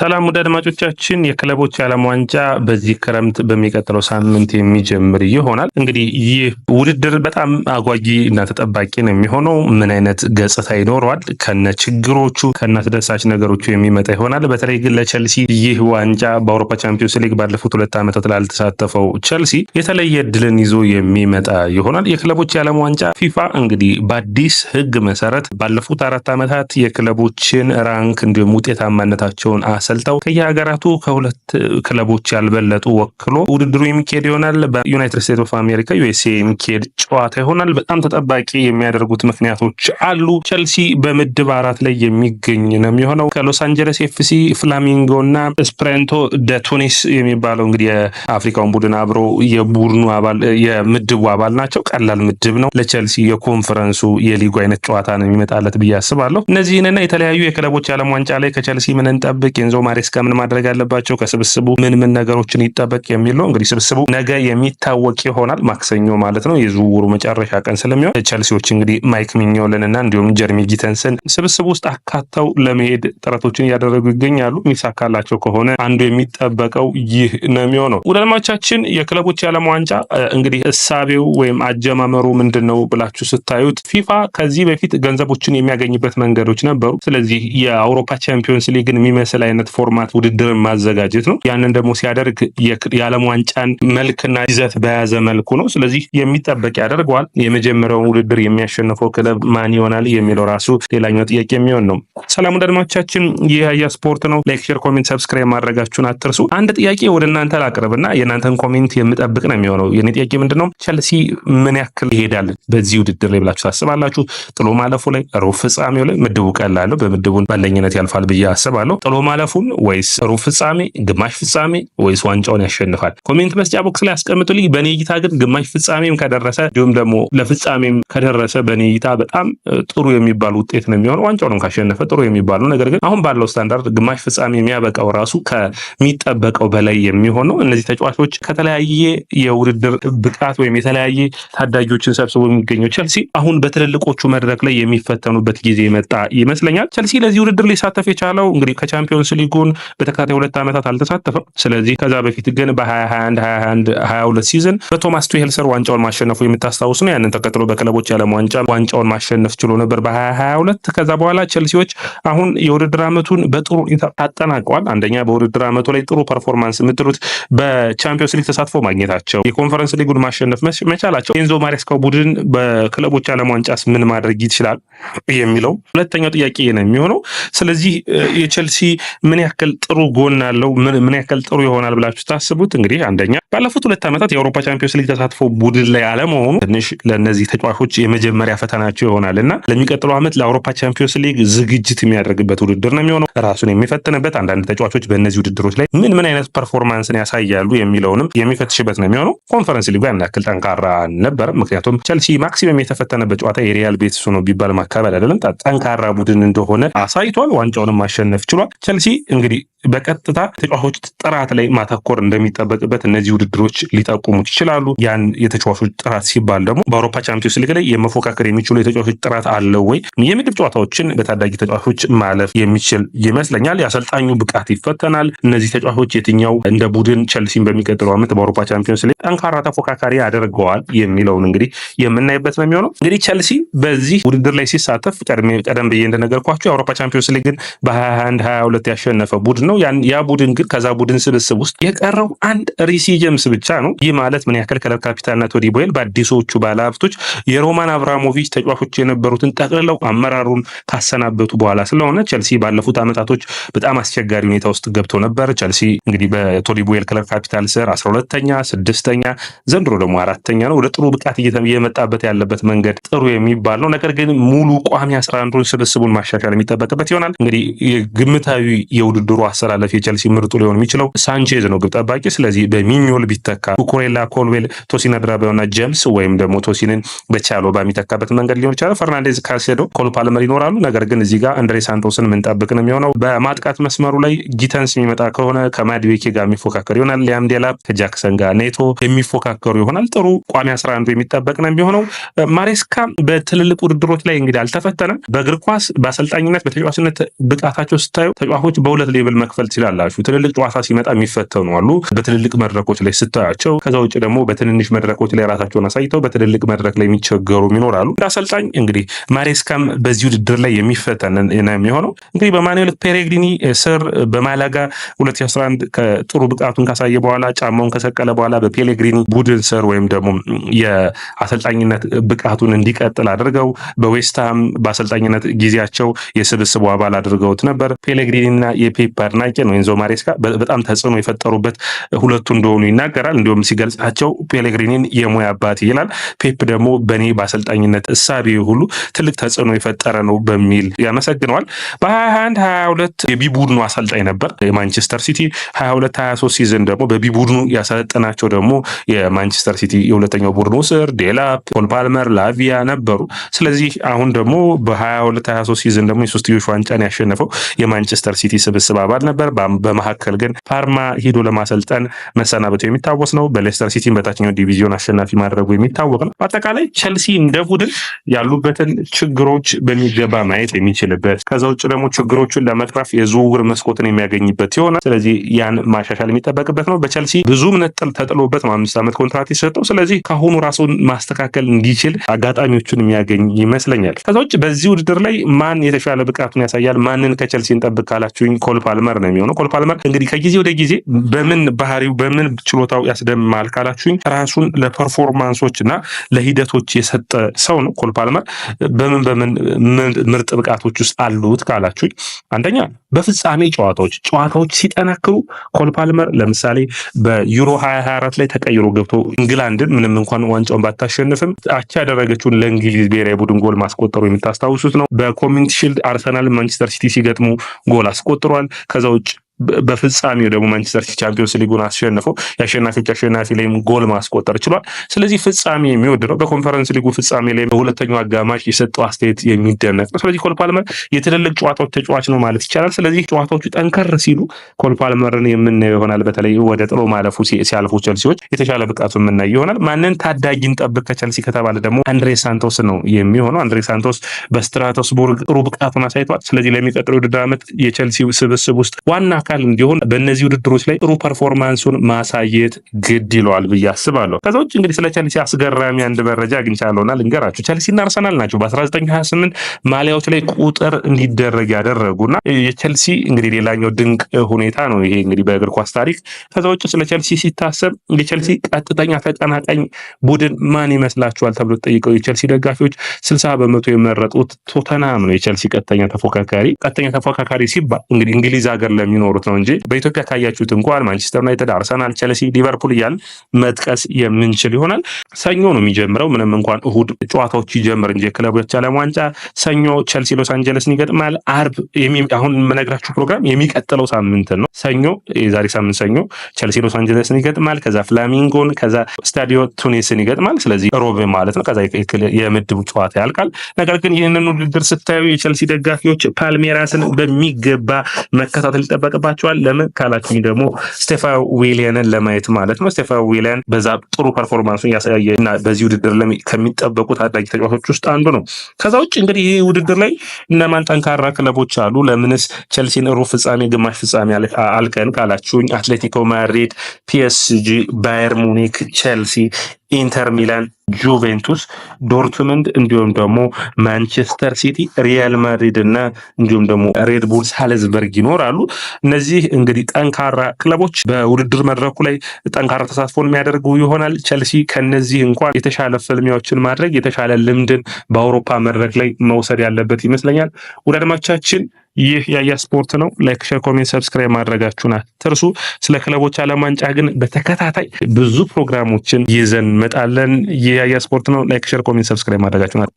ሰላም ወደ አድማጮቻችን፣ የክለቦች የዓለም ዋንጫ በዚህ ክረምት በሚቀጥለው ሳምንት የሚጀምር ይሆናል። እንግዲህ ይህ ውድድር በጣም አጓጊ እና ተጠባቂ ነው የሚሆነው። ምን አይነት ገጽታ ይኖረዋል? ከነ ችግሮቹ ከነ አስደሳች ነገሮቹ የሚመጣ ይሆናል። በተለይ ግን ለቸልሲ ይህ ዋንጫ በአውሮፓ ቻምፒዮንስ ሊግ ባለፉት ሁለት ዓመታት ላልተሳተፈው ቸልሲ የተለየ እድልን ይዞ የሚመጣ ይሆናል። የክለቦች የዓለም ዋንጫ ፊፋ እንግዲህ በአዲስ ህግ መሰረት ባለፉት አራት ዓመታት የክለቦችን ራንክ እንዲሁም ውጤታማነታቸውን አሳ አሰልጠው ከየሀገራቱ ከሁለት ክለቦች ያልበለጡ ወክሎ ውድድሩ የሚካሄድ ይሆናል። በዩናይትድ ስቴትስ ኦፍ አሜሪካ ዩኤስኤ የሚካሄድ ጨዋታ ይሆናል። በጣም ተጠባቂ የሚያደርጉት ምክንያቶች አሉ። ቸልሲ በምድብ አራት ላይ የሚገኝ ነው የሚሆነው ከሎስ አንጀለስ ኤፍሲ፣ ፍላሚንጎ እና ስፕሬንቶ ደ ቱኒስ የሚባለው እንግዲህ የአፍሪካውን ቡድን አብሮ የቡድኑ አባል የምድቡ አባል ናቸው። ቀላል ምድብ ነው ለቸልሲ የኮንፈረንሱ የሊጉ አይነት ጨዋታ ነው የሚመጣለት ብዬ አስባለሁ። እነዚህንና የተለያዩ የክለቦች የዓለም ዋንጫ ላይ ከቸልሲ ምን እንጠብቅ ማሬስካ ምን ማድረግ አለባቸው፣ ከስብስቡ ምን ምን ነገሮችን ይጠበቅ የሚል ነው። እንግዲህ ስብስቡ ነገ የሚታወቅ ይሆናል፣ ማክሰኞ ማለት ነው። የዝውውሩ መጨረሻ ቀን ስለሚሆን ቸልሲዎች እንግዲህ ማይክ ሚኞልን እና እንዲሁም ጀርሚ ጊተንስን ስብስቡ ውስጥ አካተው ለመሄድ ጥረቶችን እያደረጉ ይገኛሉ። የሚሳካላቸው ከሆነ አንዱ የሚጠበቀው ይህ ነው የሚሆነው። የክለቦች የዓለም ዋንጫ እንግዲህ እሳቤው ወይም አጀማመሩ ምንድን ነው ብላችሁ ስታዩት ፊፋ ከዚህ በፊት ገንዘቦችን የሚያገኝበት መንገዶች ነበሩ። ስለዚህ የአውሮፓ ቻምፒዮንስ ሊግን የሚመስል አይነት አይነት ፎርማት ውድድርን ማዘጋጀት ነው። ያንን ደግሞ ሲያደርግ የዓለም ዋንጫን መልክና ይዘት በያዘ መልኩ ነው። ስለዚህ የሚጠበቅ ያደርገዋል። የመጀመሪያውን ውድድር የሚያሸንፈው ክለብ ማን ይሆናል የሚለው ራሱ ሌላኛው ጥያቄ የሚሆን ነው። ሰላም ወዳጆቻችን፣ ይህ ስፖርት ነው። ሌክቸር ኮሜንት፣ ሰብስክራይብ ማድረጋችሁን አትርሱ። አንድ ጥያቄ ወደ እናንተ ላቅርብ እና የእናንተን ኮሜንት የምጠብቅ ነው የሚሆነው። የኔ ጥያቄ ምንድን ነው? ቸልሲ ምን ያክል ይሄዳል በዚህ ውድድር ላይ ብላችሁ ታስባላችሁ? ጥሎ ማለፉ ላይ፣ ሩብ ፍጻሜው ላይ ምድቡ ቀላለሁ በምድቡን ባለኝነት ያልፋል ብዬ አስባለሁ። ጥሎ ማለፉ ማለፉን ወይስ ሩብ ፍጻሜ፣ ግማሽ ፍጻሜ ወይስ ዋንጫውን ያሸንፋል? ኮሜንት መስጫ ቦክስ ላይ አስቀምጡልኝ። በእኔ እይታ ግን ግማሽ ፍጻሜም ከደረሰ እንዲሁም ደግሞ ለፍጻሜም ከደረሰ በእኔ እይታ በጣም ጥሩ የሚባል ውጤት ነው የሚሆነው። ዋንጫውንም ካሸነፈ ጥሩ የሚባል ነው። ነገር ግን አሁን ባለው ስታንዳርድ ግማሽ ፍጻሜ የሚያበቃው ራሱ ከሚጠበቀው በላይ የሚሆነው እነዚህ ተጫዋቾች ከተለያየ የውድድር ብቃት ወይም የተለያየ ታዳጊዎችን ሰብስቦ የሚገኘው ቸልሲ አሁን በትልልቆቹ መድረክ ላይ የሚፈተኑበት ጊዜ መጣ ይመስለኛል። ቸልሲ ለዚህ ውድድር ሊሳተፍ የቻለው እንግዲህ ከቻምፒዮንስ ሊጉን በተከታታይ ሁለት ዓመታት አልተሳተፈም። ስለዚህ ከዛ በፊት ግን በ2021 21 22 ሲዝን በቶማስ ቱሄል ስር ዋንጫውን ማሸነፉ የምታስታውስ ነው። ያንን ተከትሎ በክለቦች የዓለም ዋንጫ ዋንጫውን ማሸነፍ ችሎ ነበር በ2022። ከዛ በኋላ ቸልሲዎች አሁን የውድድር ዓመቱን በጥሩ ሁኔታ አጠናቀዋል። አንደኛ በውድድር ዓመቱ ላይ ጥሩ ፐርፎርማንስ የምትሉት በቻምፒዮንስ ሊግ ተሳትፎ ማግኘታቸው፣ የኮንፈረንስ ሊጉን ማሸነፍ መቻላቸው ኤንዞ ማሪስካው ቡድን በክለቦች ዓለም ዋንጫስ ምን ማድረግ ይችላል የሚለው ሁለተኛው ጥያቄ ነው የሚሆነው። ስለዚህ የቸልሲ ምን ያክል ጥሩ ጎን አለው፣ ምን ያክል ጥሩ ይሆናል ብላችሁ ታስቡት። እንግዲህ አንደኛ ባለፉት ሁለት ዓመታት የአውሮፓ ቻምፒዮንስ ሊግ ተሳትፎ ቡድን ላይ አለመሆኑ ትንሽ ለእነዚህ ተጫዋቾች የመጀመሪያ ፈተናቸው ይሆናል እና ለሚቀጥለው ዓመት ለአውሮፓ ቻምፒዮንስ ሊግ ዝግጅት የሚያደርግበት ውድድር ነው የሚሆነው። ራሱን የሚፈትንበት አንዳንድ ተጫዋቾች በእነዚህ ውድድሮች ላይ ምን ምን አይነት ፐርፎርማንስን ያሳያሉ የሚለውንም የሚፈትሽበት ነው የሚሆነው። ኮንፈረንስ ሊጉ ያን ያክል ጠንካራ አልነበረም። ምክንያቱም ቸልሲ ማክሲመም የተፈተነበት ጨዋታ የሪያል ቤቲስ ነው ቢባል ማካበል አይደለም፣ ጠንካራ ቡድን እንደሆነ አሳይቷል። ዋንጫውንም ማሸነፍ ችሏል። ቸልሲ እንግዲህ በቀጥታ ተጫዋቾች ጥራት ላይ ማተኮር እንደሚጠበቅበት እነዚህ ውድድሮች ሊጠቁሙት ይችላሉ። ያን የተጫዋቾች ጥራት ሲባል ደግሞ በአውሮፓ ቻምፒዮንስ ሊግ ላይ የመፎካከር የሚችሉ የተጫዋቾች ጥራት አለው ወይ? የምድብ ጨዋታዎችን በታዳጊ ተጫዋቾች ማለፍ የሚችል ይመስለኛል። የአሰልጣኙ ብቃት ይፈተናል። እነዚህ ተጫዋቾች የትኛው እንደ ቡድን ቸልሲን በሚቀጥለው ዓመት በአውሮፓ ቻምፒዮንስ ሊግ ጠንካራ ተፎካካሪ ያደርገዋል የሚለውን እንግዲህ የምናይበት ነው የሚሆነው። እንግዲህ ቸልሲ በዚህ ውድድር ላይ ሲሳተፍ ቀደም ብዬ እንደነገርኳቸው የአውሮፓ ቻምፒዮንስ ሊግን በ21 22 ያሸነፈ ቡድን ነው። ያ ቡድን ግን ከዛ ቡድን ስብስብ ውስጥ የቀረው አንድ ሪሲ ጀምስ ብቻ ነው። ይህ ማለት ምን ያክል ከለር ካፒታልና ቶዲ ቦይል በአዲሶቹ ባለሀብቶች የሮማን አብራሞቪች ተጫዋቾች የነበሩትን ጠቅልለው አመራሩን ካሰናበቱ በኋላ ስለሆነ ቸልሲ ባለፉት ዓመታቶች በጣም አስቸጋሪ ሁኔታ ውስጥ ገብቶ ነበር። ቸልሲ እንግዲህ በቶዲ ቦይል ከለር ካፒታል ስር አስራ ሁለተኛ ስድስተኛ ዘንድሮ ደግሞ አራተኛ ነው። ወደ ጥሩ ብቃት እየመጣበት ያለበት መንገድ ጥሩ የሚባል ነው። ነገር ግን ሙሉ ቋሚ አስራ አንዱን ስብስቡን ማሻሻል የሚጠበቅበት ይሆናል። እንግዲህ ግምታዊ የውድድሩ አሰላለፍ የቸልሲ ምርጡ ሊሆን የሚችለው ሳንቼዝ ነው ግብ ጠባቂ። ስለዚህ በሚኞል ቢተካ ኩኩሬላ፣ ኮልዌል፣ ቶሲን አድራባዮና ጀምስ ወይም ደግሞ ቶሲንን በቻሎባ የሚተካበት መንገድ ሊሆን ይችላል። ፈርናንዴዝ፣ ካሴዶ፣ ኮል ፓልመር ይኖራሉ። ነገር ግን እዚህ ጋር አንድሬ ሳንቶስን ምንጠብቅ ነው የሚሆነው። በማጥቃት መስመሩ ላይ ጊተንስ የሚመጣ ከሆነ ከማድዌኬ ጋር የሚፎካከር ይሆናል። ሊያም ዴላፕ ከጃክሰን ጋር ኔቶ የሚፎካከሩ ይሆናል። ጥሩ ቋሚ አስራ አንዱ የሚጠበቅ ነው የሚሆነው። ማሬስካ በትልልቅ ውድድሮች ላይ እንግዲህ አልተፈተነም። በእግር ኳስ በአሰልጣኝነት በተጫዋችነት ብቃታቸው ስታዩ ተጫዋቾች በሁለት ሌብል መክፈል ትችላላችሁ። ትልልቅ ጨዋታ ሲመጣ የሚፈተኑ አሉ፣ በትልልቅ መድረኮች ላይ ስታያቸው። ከዛ ውጭ ደግሞ በትንንሽ መድረኮች ላይ ራሳቸውን አሳይተው በትልልቅ መድረክ ላይ የሚቸገሩ ይኖራሉ። እንደ አሰልጣኝ እንግዲህ ማሬስካም በዚህ ውድድር ላይ የሚፈተን ነው የሚሆነው። እንግዲህ በማኑኤል ፔሬግሪኒ ስር በማላጋ 2011 ጥሩ ብቃቱን ካሳየ በኋላ ጫማውን ከሰቀለ በኋላ በፔሌግሪኒ ቡድን ስር ወይም ደግሞ የአሰልጣኝነት ብቃቱን እንዲቀጥል አድርገው በዌስትሃም በአሰልጣኝነት ጊዜያቸው የስብስቡ አባል አድርገውት ነበር ፔሌግሪኒና የፔፕ አድናቂ ነው። ኤንዞ ማሬስካ በጣም ተጽዕኖ የፈጠሩበት ሁለቱ እንደሆኑ ይናገራል። እንዲሁም ሲገልጻቸው ፔሌግሪኒን የሙያ አባት ይላል። ፔፕ ደግሞ በእኔ በአሰልጣኝነት እሳቤ ሁሉ ትልቅ ተጽዕኖ የፈጠረ ነው በሚል ያመሰግነዋል። በ21 22 የቢቡድኑ አሰልጣኝ ነበር የማንቸስተር ሲቲ 22 23 ሲዝን ደግሞ በቢቡድኑ ያሰለጠናቸው ደግሞ የማንቸስተር ሲቲ የሁለተኛው ቡድኑ ስር ዴላፕ፣ ፖል ፓልመር፣ ላቪያ ነበሩ። ስለዚህ አሁን ደግሞ በ22 23 ሲዝን ደግሞ የሶስትዮሽ ዋንጫን ያሸነፈው የማንቸስተር ሲቲ ስብስብ አባል ነበር። በመካከል ግን ፓርማ ሂዶ ለማሰልጠን መሰናበቱ የሚታወስ ነው። በሌስተር ሲቲን በታችኛው ዲቪዚዮን አሸናፊ ማድረጉ የሚታወቅ ነው። በአጠቃላይ ቸልሲ እንደ ቡድን ያሉበትን ችግሮች በሚገባ ማየት የሚችልበት ከዛ ውጭ ደግሞ ችግሮቹን ለመቅረፍ የዝውውር መስኮትን የሚያገኝበት ይሆናል። ስለዚህ ያን ማሻሻል የሚጠበቅበት ነው። በቸልሲ ብዙ ነጥል ተጥሎበት ነው አምስት ዓመት ኮንትራት የሰጠው። ስለዚህ ከአሁኑ ራሱን ማስተካከል እንዲችል አጋጣሚዎቹን የሚያገኝ ይመስለኛል። ከዛ ውጭ በዚህ ውድድር ላይ ማን የተሻለ ብቃቱን ያሳያል፣ ማንን ከቸልሲ እንጠብቅ ካላችሁ ስታርቲንግ ኮል ፓልመር ነው የሚሆነው። ኮል ፓልመር እንግዲህ ከጊዜ ወደ ጊዜ በምን ባህሪው በምን ችሎታው ያስደምማል ካላችሁኝ ራሱን ለፐርፎርማንሶች እና ለሂደቶች የሰጠ ሰው ነው። ኮል ፓልመር በምን በምን ምርጥ ብቃቶች ውስጥ አሉት ካላችሁኝ አንደኛ በፍጻሜ ጨዋታዎች ጨዋታዎች ሲጠናክሩ ኮል ፓልመር ለምሳሌ በዩሮ 2024 ላይ ተቀይሮ ገብቶ እንግላንድን ምንም እንኳን ዋንጫውን ባታሸንፍም አቻ ያደረገችውን ለእንግሊዝ ብሔራዊ ቡድን ጎል ማስቆጠሩ የምታስታውሱት ነው። በኮሚኒቲ ሺልድ አርሰናል፣ ማንቸስተር ሲቲ ሲገጥሙ ጎል አስቆጥሯል። ከዛ ውጭ በፍጻሜው ደግሞ ማንቸስተር ሲቲ ቻምፒዮንስ ሊጉን አስሸንፎ የአሸናፊዎች አሸናፊ ላይም ጎል ማስቆጠር ችሏል። ስለዚህ ፍጻሜ የሚወድረው በኮንፈረንስ ሊጉ ፍጻሜ ላይ በሁለተኛው አጋማሽ የሰጠው አስተያየት የሚደነቅ ነው። ስለዚህ ኮል ፓልመር የትልልቅ ጨዋታዎች ተጫዋች ነው ማለት ይቻላል። ስለዚህ ጨዋታዎቹ ጠንከር ሲሉ ኮል ፓልመርን የምናየው ይሆናል። በተለይ ወደ ጥሎ ማለፉ ሲያልፉ ቸልሲዎች የተሻለ ብቃቱ የምናየው ይሆናል። ማንን ታዳጊ እንጠብቅ ከቸልሲ ከተባለ ደግሞ አንድሬ ሳንቶስ ነው የሚሆነው። አንድሬ ሳንቶስ በስትራቶስቡርግ ጥሩ ብቃቱን አሳይቷል። ስለዚህ ለሚቀጥለው ውድድር ዓመት የቸልሲ ስብስብ ውስጥ ዋና አካል እንዲሆን በእነዚህ ውድድሮች ላይ ጥሩ ፐርፎርማንሱን ማሳየት ግድ ይለዋል ብዬ አስባለሁ። ከዛ ውጭ እንግዲህ ስለ ቸልሲ አስገራሚ አንድ መረጃ አግኝቻለሁና ልንገራችሁ። ቸልሲና አርሰናል ናቸው በ1928 ማሊያዎች ላይ ቁጥር እንዲደረግ ያደረጉና የቸልሲ እንግዲህ ሌላኛው ድንቅ ሁኔታ ነው ይሄ እንግዲህ በእግር ኳስ ታሪክ። ከዛ ውጭ ስለ ቸልሲ ሲታሰብ የቸልሲ ቀጥተኛ ተቀናቃኝ ቡድን ማን ይመስላችኋል ተብሎ ጠይቀው የቸልሲ ደጋፊዎች ስልሳ በመቶ የመረጡት ቶተናም ነው የቸልሲ ቀጥተኛ ተፎካካሪ። ቀጥተኛ ተፎካካሪ ሲባል እንግዲህ እንግሊዝ ሀገር ለሚኖሩ ስፖርት ነው እንጂ በኢትዮጵያ ካያችሁት እንኳን ማንቸስተር ዩናይትድ፣ አርሰናል፣ ቸልሲ፣ ሊቨርፑል እያል መጥቀስ የምንችል ይሆናል። ሰኞ ነው የሚጀምረው። ምንም እንኳን እሁድ ጨዋታዎች ይጀምር እንጂ የክለቦች ዓለም ዋንጫ ሰኞ ቸልሲ ሎስ አንጀለስን ይገጥማል። አርብ አሁን የምነግራችሁ ፕሮግራም የሚቀጥለው ሳምንት ነው። ሰኞ የዛሬ ሳምንት ሰኞ ቸልሲ ሎስ አንጀለስን ይገጥማል። ከዛ ፍላሚንጎን፣ ከዛ ስታዲዮ ቱኒስን ይገጥማል። ስለዚህ ሮብ ማለት ነው። ከዛ የምድቡ ጨዋታ ያልቃል። ነገር ግን ይህንን ውድድር ስታዩ የቸልሲ ደጋፊዎች ፓልሜራስን በሚገባ መከታተል ይጠበቅባል። ይተርፋቸዋል። ለምን ካላችሁኝ ደግሞ ስቴፋ ዊሊያንን ለማየት ማለት ነው። ስቴፋ ዊሊያን በዛ ጥሩ ፐርፎርማንሱን ያሳየ እና በዚህ ውድድር ከሚጠበቁ ታዳጊ ተጫዋቾች ውስጥ አንዱ ነው። ከዛ ውጭ እንግዲህ ይህ ውድድር ላይ እነማን ጠንካራ ክለቦች አሉ፣ ለምንስ ቸልሲን ሩብ ፍጻሜ፣ ግማሽ ፍጻሜ አልቀን ካላችሁኝ አትሌቲኮ ማድሪድ፣ ፒኤስጂ፣ ባየር ሙኒክ፣ ቸልሲ ኢንተር ሚላን፣ ጁቬንቱስ፣ ዶርትመንድ እንዲሁም ደግሞ ማንቸስተር ሲቲ፣ ሪያል ማድሪድ እና እንዲሁም ደግሞ ሬድቡል ሳልዝበርግ ይኖራሉ። እነዚህ እንግዲህ ጠንካራ ክለቦች በውድድር መድረኩ ላይ ጠንካራ ተሳትፎን የሚያደርጉ ይሆናል። ቸልሲ ከነዚህ እንኳን የተሻለ ፍልሚያዎችን ማድረግ የተሻለ ልምድን በአውሮፓ መድረክ ላይ መውሰድ ያለበት ይመስለኛል። ውድ አድማቻችን ይህ ያያ ስፖርት ነው። ላይክ ሼር፣ ኮሜንት፣ ሰብስክራይብ ማድረጋችሁን አትርሱ። ስለ ክለቦች ዓለም ዋንጫ ግን በተከታታይ ብዙ ፕሮግራሞችን ይዘን መጣለን። ይህ ያያ ስፖርት ነው። ላይክ ሼር፣ ኮሜንት፣ ሰብስክራይብ ማድረጋችሁን